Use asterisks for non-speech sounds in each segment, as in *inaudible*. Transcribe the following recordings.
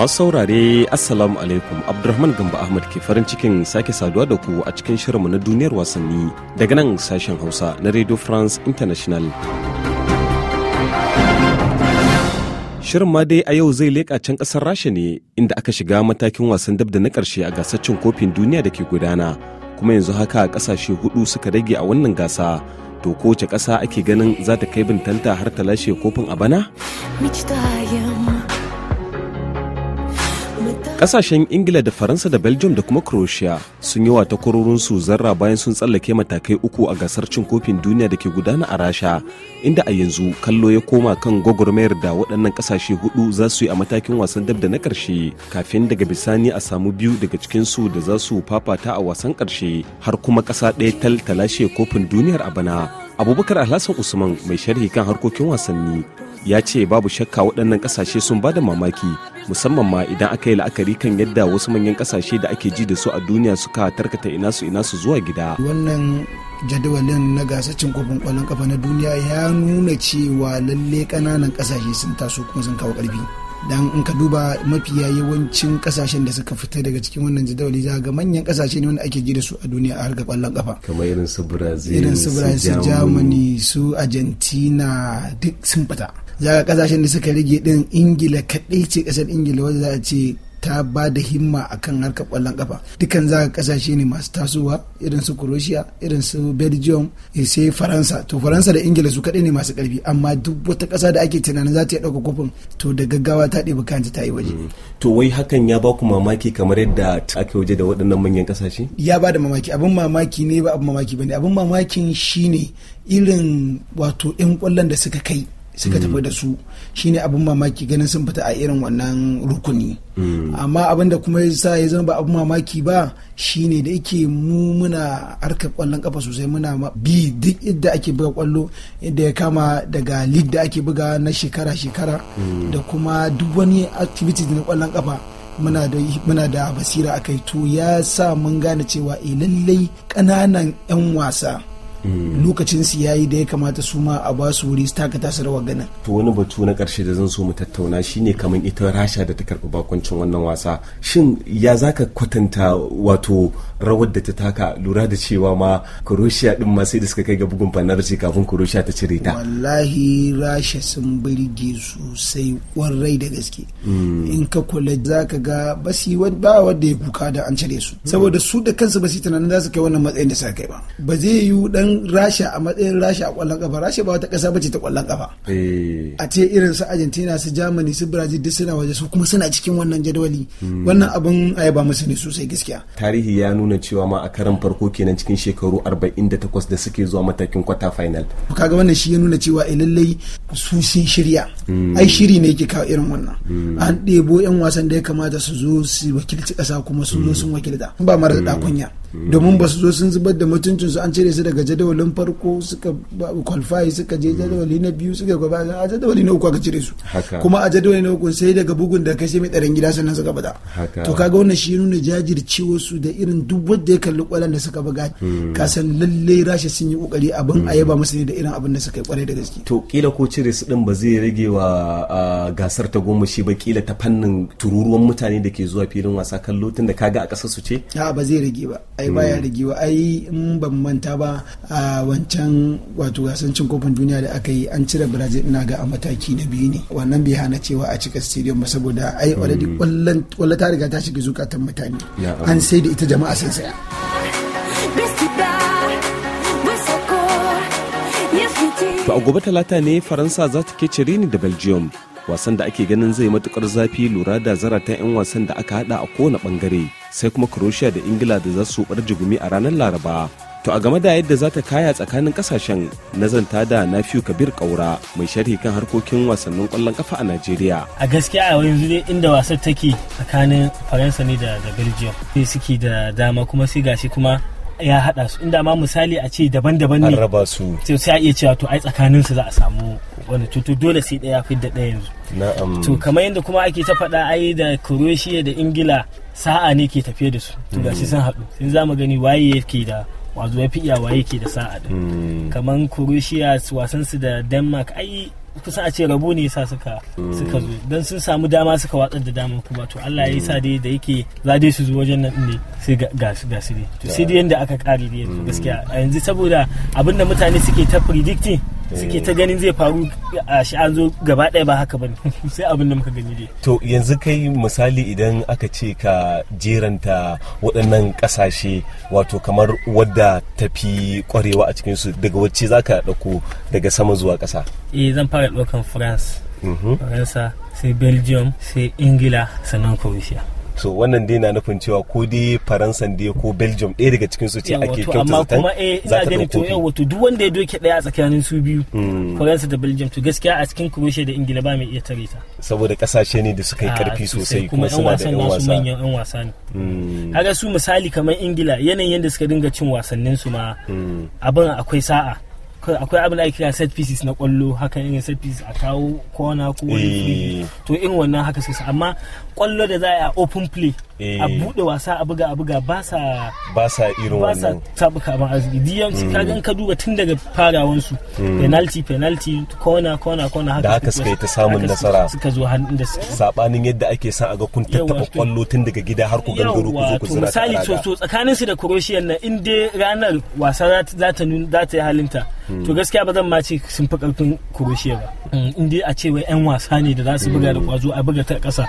masu saurare assalamu alaikum abdulrahman gamba ahmad ke farin cikin sake saduwa da ku a cikin shirinmu na duniyar wasanni daga nan sashen hausa na radio france international shirin ma dai a yau zai leƙa can ƙasar rasha ne inda aka shiga matakin wasan dab da na ƙarshe a gasar kofin duniya da ke gudana kuma yanzu haka ƙasashe hudu suka rage a wannan gasa to kowace ƙasa ake ganin za ta kai bintanta har ta lashe kofin a bana? Kasashen Ingila da Faransa da Belgium da kuma Croatia sun yi wata su zarra bayan sun tsallake matakai uku a gasar cin kofin duniya da ke gudana a Rasha, inda a yanzu kallo ya koma kan gwagwarmayar da waɗannan kasashe hudu za su yi a matakin wasan dab da na ƙarshe, kafin daga bisani a samu biyu daga cikin su da za su fafata a wasan ƙarshe har kuma ƙasa ɗaya tal talashe kofin duniyar a bana. Abubakar Alhassan Usman mai sharhi kan harkokin wasanni ya ce babu shakka waɗannan ƙasashe sun ba da mamaki musamman ma idan aka yi la'akari kan yadda wasu manyan kasashe da ake ji da su a duniya suka tarkata ina su ina su zuwa gida wannan jadawalin na gasar cin kofin kwallon kafa na duniya ya nuna cewa lalle kananan kasashe sun taso kuma sun kawo karfi dan in ka duba mafiya yawancin kasashen da suka fita daga cikin wannan jadawali za ga manyan kasashe ne wanda ake ji da su a duniya a harkar kwallon kafa kamar irin su brazil irin su brazil germany su argentina duk sun fita za ga kasashen da suka rage din ingila kadai ce kasar ingila wanda za a ce ta ba da himma a kan harkar kwallon kafa dukkan za ka kasashe ne masu tasowa irin su croatia irin su belgium eh, sai faransa to faransa da ingila su kaɗai ne masu ƙarfi amma duk wata ƙasa da ake tunanin za ta iya ɗauka kofin to da gaggawa ta ɗebi kanta ta yi waje mm. to wai hakan ya ba ku mamaki kamar yadda ake waje da waɗannan manyan ƙasashe ya ba da mamaki abin mamaki ne ba abin mamaki bane abin mamakin shine irin wato 'yan kwallon da suka kai suka tafi hmm. da su shine abin mamaki ganin sun fita a irin wannan rukuni hmm. amma abin da kuma sa ya zama ba abin mamaki ba shine da yake mu muna harka kwallon kafa sosai muna bi duk inda ake buga kwallo inda ya kama daga league da ake buga na shekara-shekara hmm. da kuma duk wani activity na kwallon kafa muna da muna da basira akai to ya sa mun gane cewa eh lallai ƙananan 'yan wasa lokacin su yayi da ya kamata su ma a basu wuri su takata su rawar ganin to wani batu na karshe da zan so mu tattauna shine kamar ita rasha da ta karbi bakuncin wannan wasa shin ya zaka kwatanta wato rawar da ta taka lura da cewa ma kuroshiya din ma sai da suka kai ga bugun fanarci kafin kuroshiya ta cire ta wallahi rasha sun birge sosai warrai da gaske mm. in ka kula zaka ga basi ba wanda ya kuka da an cire su saboda su da kansu basi tunanin za su kai wannan matsayin da suka kai ba ba zai yiwu dan rasha a matsayin rasha a kwallon kafa rasha ba wata kasa bace ta kwallon kafa eh. a ce irin su argentina su germany su brazil duk suna waje su kuma suna cikin wannan jadawali hmm. wannan abin aya ba musu ne sosai gaskiya tarihi ya nuna cewa ma a karan farko kenan cikin shekaru 48 da suke zuwa matakin kwata final ka ga wannan shi ya nuna cewa eh, lallai su sun shirya hmm. ai shiri ne yake kawo irin wannan hmm. an ɗebo yan wasan da ya kamata su zo su wakilci kasa kuma su zo sun wakilta ba mara da kunya domin ba su zo sun zubar da mutuncinsu an cire su daga jadawalin farko suka kwalfayi suka je jadawali na biyu suka kwalfayi a jadawali na uku aka cire su kuma a jadawali na uku sai daga bugun da kashe mai tsaron gida sannan suka bada to kaga wannan shi nuna jajircewa su da irin duk wanda ya kalli kwalan da suka buga hmm. ka san lalle rasha sun yi kokari abin a yaba hmm. musu ne da irin abin da suka yi kwarai da gaske to kila ko cire su din ba zai rage wa gasar ta goma shi ba kila ta fannin tururuwan mutane da ke zuwa filin wasa kallo tun da kaga a kasar su ce a ba zai rage ba ai baya rigewa ai in ban manta ba a wancan wato gasan cin kofin duniya da aka yi an cire brazil ina ga a mataki na biyu ne wannan bai hana cewa a cika stadium ba saboda ai already kwallo ta riga ta shiga zukatan mutane an sai da ita jama'a sun saya To a gobe talata ne Faransa za ta cire ni da Belgium wasan da ake ganin zai matukar zafi lura da zaratan 'yan wasan da aka hada a kowane bangare sai kuma croatia da ingila da za su bar jigumi a ranar laraba to a game da yadda za ta kaya tsakanin kasashen nazanta da nafiu kabir kaura mai sharhi kan harkokin wasannin kwallon kafa a nigeria. a gaskiya a yanzu dai inda wasan take tsakanin faransa ne da belgium ne suke da dama kuma sai gashi kuma ya haɗa su inda ma misali a ce daban-daban ne raba su sai a iya cewa to ai tsakanin su za a samu wani cutu dole sai ɗaya da ɗaya yanzu na'am to kamar yadda kuma ake ta faɗa ai da Croatia da Ingila sa'a ne ke tafiye da su to gashi sun haɗu sun mu gani waye yake da wazo ya fi waye yake da sa'a din hmm. kamar croatia su da denmark ai kusa a ce rabo ne yasa suka suka zo dan sun samu dama suka watsar da dama kuma to Allah ya sa dai da yake za dai su zo wajen nan ne sai ga ga su dai to sai dai yanda aka kare dai gaskiya a yanzu saboda abinda mutane suke ta predicting suke ta ganin zai faru a shi an zo gaba ɗaya ba haka bane *laughs* sai abin da muka gani dai to yanzu kai misali idan aka ce ka jeranta waɗannan ƙasashe wato kamar wadda fi kwarewa a cikin su daga wacce za ka ɗauko daga sama zuwa ƙasa eh zan fara ɗaukan France mhm. Faransa sai Belgium sai Ingila sannan Croatia so wannan dai na nufin cewa ko dai faransa dai ko belgium ɗaya daga cikin su ce ake kyautata amma kuma eh ina ganin to yau wato duk wanda ya doke ɗaya a tsakanin su biyu hmm. faransa da belgium to gaskiya a cikin croatia da ingila ba mai iya tare ta saboda kasashe ne da suka yi karfi ah, sosai kuma suna da yan wasa manyan yan wasa ne hmm. kaga su misali kamar ingila yanayin yadda suka dinga cin wasannin su ma hmm. abin akwai sa'a akwai abin da ake kira set pieces na kwallo haka irin set pieces a kawo kona ko wani eh. to irin wannan haka suka amma kwallo da za a open play Eh. a bude wasa a buga a buga ba sa ba sa irin ba sa tabuka ban arziki DMC mm. ka gan ka duba tun daga farawan su mm. penalty penalty corner corner corner haka da haka suka yi ta samun nasara suka zo hannun inda suke sabanin yadda ake san a ga kun tattaba kwallo tun daga gida har ku gangaro ku zo ku zira misali to tsakanin su da Croatia nan in dai ranar wasa za ta za ta yi halinta mm. to gaskiya ba zan ma ce sun fi karfin Croatia ba in dai a ce wai yan wasa ne da za su buga da kwazo a buga ta ƙasa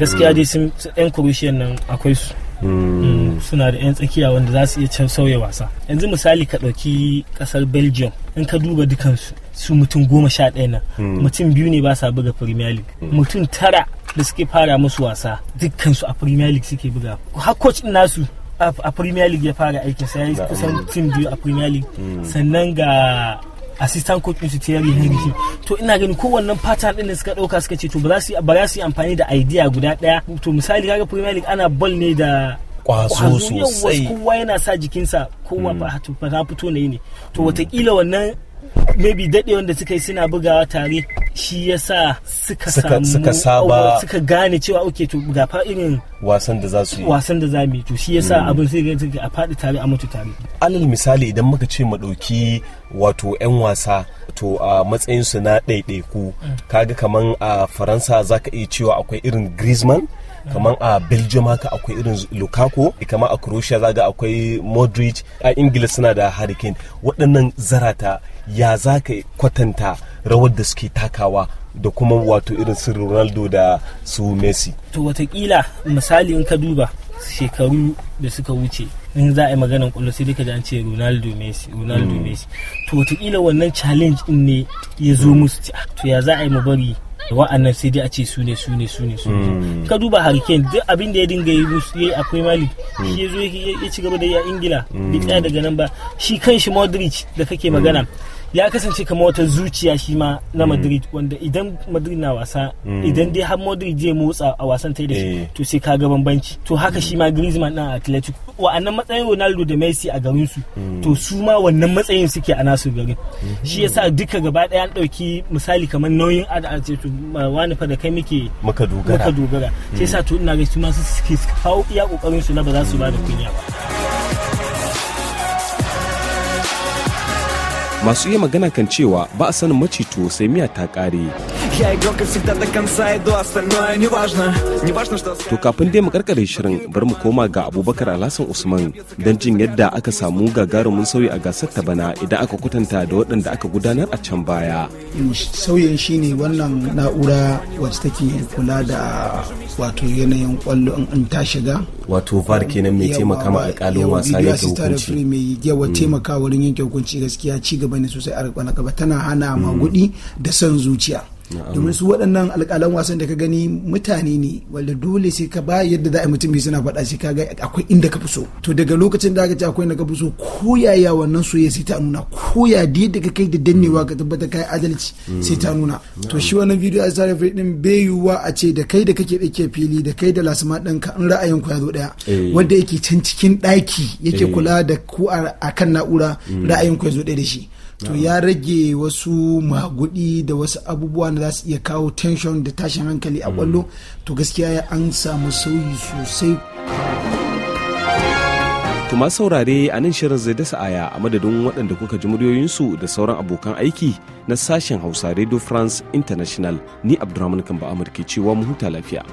gaskiya dai sun yan Croatia nan akwai su mm, suna da 'yan tsakiya wanda za su iya can sauya wasa yanzu misali ka ɗauki ƙasar belgium in ka duba dukansu su mutum goma sha ɗaya na mm. mutum biyu ne ba sa buga premier league mm. mutum tara da suke fara musu wasa dukkansu a premier league suke buga har coach nasu a premier league ya fara aikinsa ya yi kusan mutum biyu a premier league sannan ga assistant coach din su Thierry to ina ganin kowannen pattern din da suka ɗauka suka ce to ba za su yi amfani da idea guda ɗaya. to misali kaga Premier League ana ball ne da kwazo sosai kowa yana sa jikinsa kowa mm. ba ta fito ne to watakila wannan maybe daɗe wanda suka yi suna bugawa tare shi ya sa suka samu suka saba suka gane cewa oke to ga fa irin wasan da za su yi wasan da za mu yi to shi ya sa hmm. abin sai ga a faɗi tare a mutu tare alal misali idan muka ce mu ɗauki wato 'yan wasa to a matsayinsu na ɗaiɗaiku hmm. kaga kaman a faransa zaka iya cewa akwai irin griezmann kamar a belgium haka akwai irin lukaku kamar a croatia zaga akwai modric a ingila suna da hurricane waɗannan zarata ya za ka kwatanta rawar da suke takawa da kuma wato irin su ronaldo da su messi to watakila misali in ka duba shekaru da suka wuce in za a yi maganan kwallo sai duka da an ce ronaldo messi ronaldo hmm. messi to watakila wannan challenge in ne ya zo musu to ya za a yi mabari bari wa'annan sai dai a ce su ne su ne su ne su ne hmm. ka duba harken duk abin da ya dinga yi musu yayi a mali shi ya zo ya ci gaba da yi a ingila bai hmm. tsaya daga nan ba shi kan shi modric da kake magana hmm. ya kasance kamar wata zuciya shi ma na mm. madrid wanda idan madrid na wasa mm. idan dai har madrid zai motsa a wasan ta da shi eh. to sai ka ga bambanci to haka shi ma griezmann na atletico wa annan matsayin ronaldo da messi a garin su mm. to su ma wannan matsayin suke a nasu garin mm-hmm. shi yasa duka gaba daya an dauki misali kamar nauyin atletico wani fa da kai muke muka dogara muka dogara sai yasa to ina ga su ma suke kawo iya kokarin su na ba za su ba da kunya ba masu iya magana kan cewa ba a sanin maci sai miya ta kare. To kafin dai mu karkare shirin bari mu koma ga Abubakar Alhassan Usman don jin yadda aka samu gagarumin sauyi a gasar ta bana idan aka kwatanta da waɗanda aka gudanar a can baya. Sauyin shine wannan na'ura wacce take kula da wato yanayin kwallo in ta shiga. Wato VAR kenan mai taimaka ma alƙalin wasa yanke hukunci. mai yawa mm. taimaka wurin yanke hukunci gaskiya ci gaba ne sosai a na gaba tana hana magudi mm. da son zuciya. domin su waɗannan alƙalan wasan da ka gani mutane ne wanda dole sai ka ba yadda za a mutum bai suna faɗa sai ka akwai inda ka fi so to daga lokacin da aka ce akwai inda ka fi so ko yaya wannan soyayya sai ta nuna ko ya da ka kai da dannewa ka tabbata kai adalci sai ta nuna mm. to shi wannan bidiyo a tsare fai din bai yiwuwa a ce da kai da kake ɗauke fili da kai da lasma ɗinka in ra'ayin ku ya zo ɗaya eh. wanda yake can cikin ɗaki yake eh. kula da ku a kan na'ura mm. ra'ayin ku ya zo ɗaya da shi to ya rage wasu magudi da wasu abubuwa da za su iya kawo tension da tashin hankali a kwallo mm. to gaskiya an samu sauyi sosai kuma saurare a nan shirin zai dasa aya a madadin waɗanda kuka ji muryoyinsu da sauran abokan aiki na sashen hausa radio france international ni abdulrahman kamba amurke cewa mu huta lafiya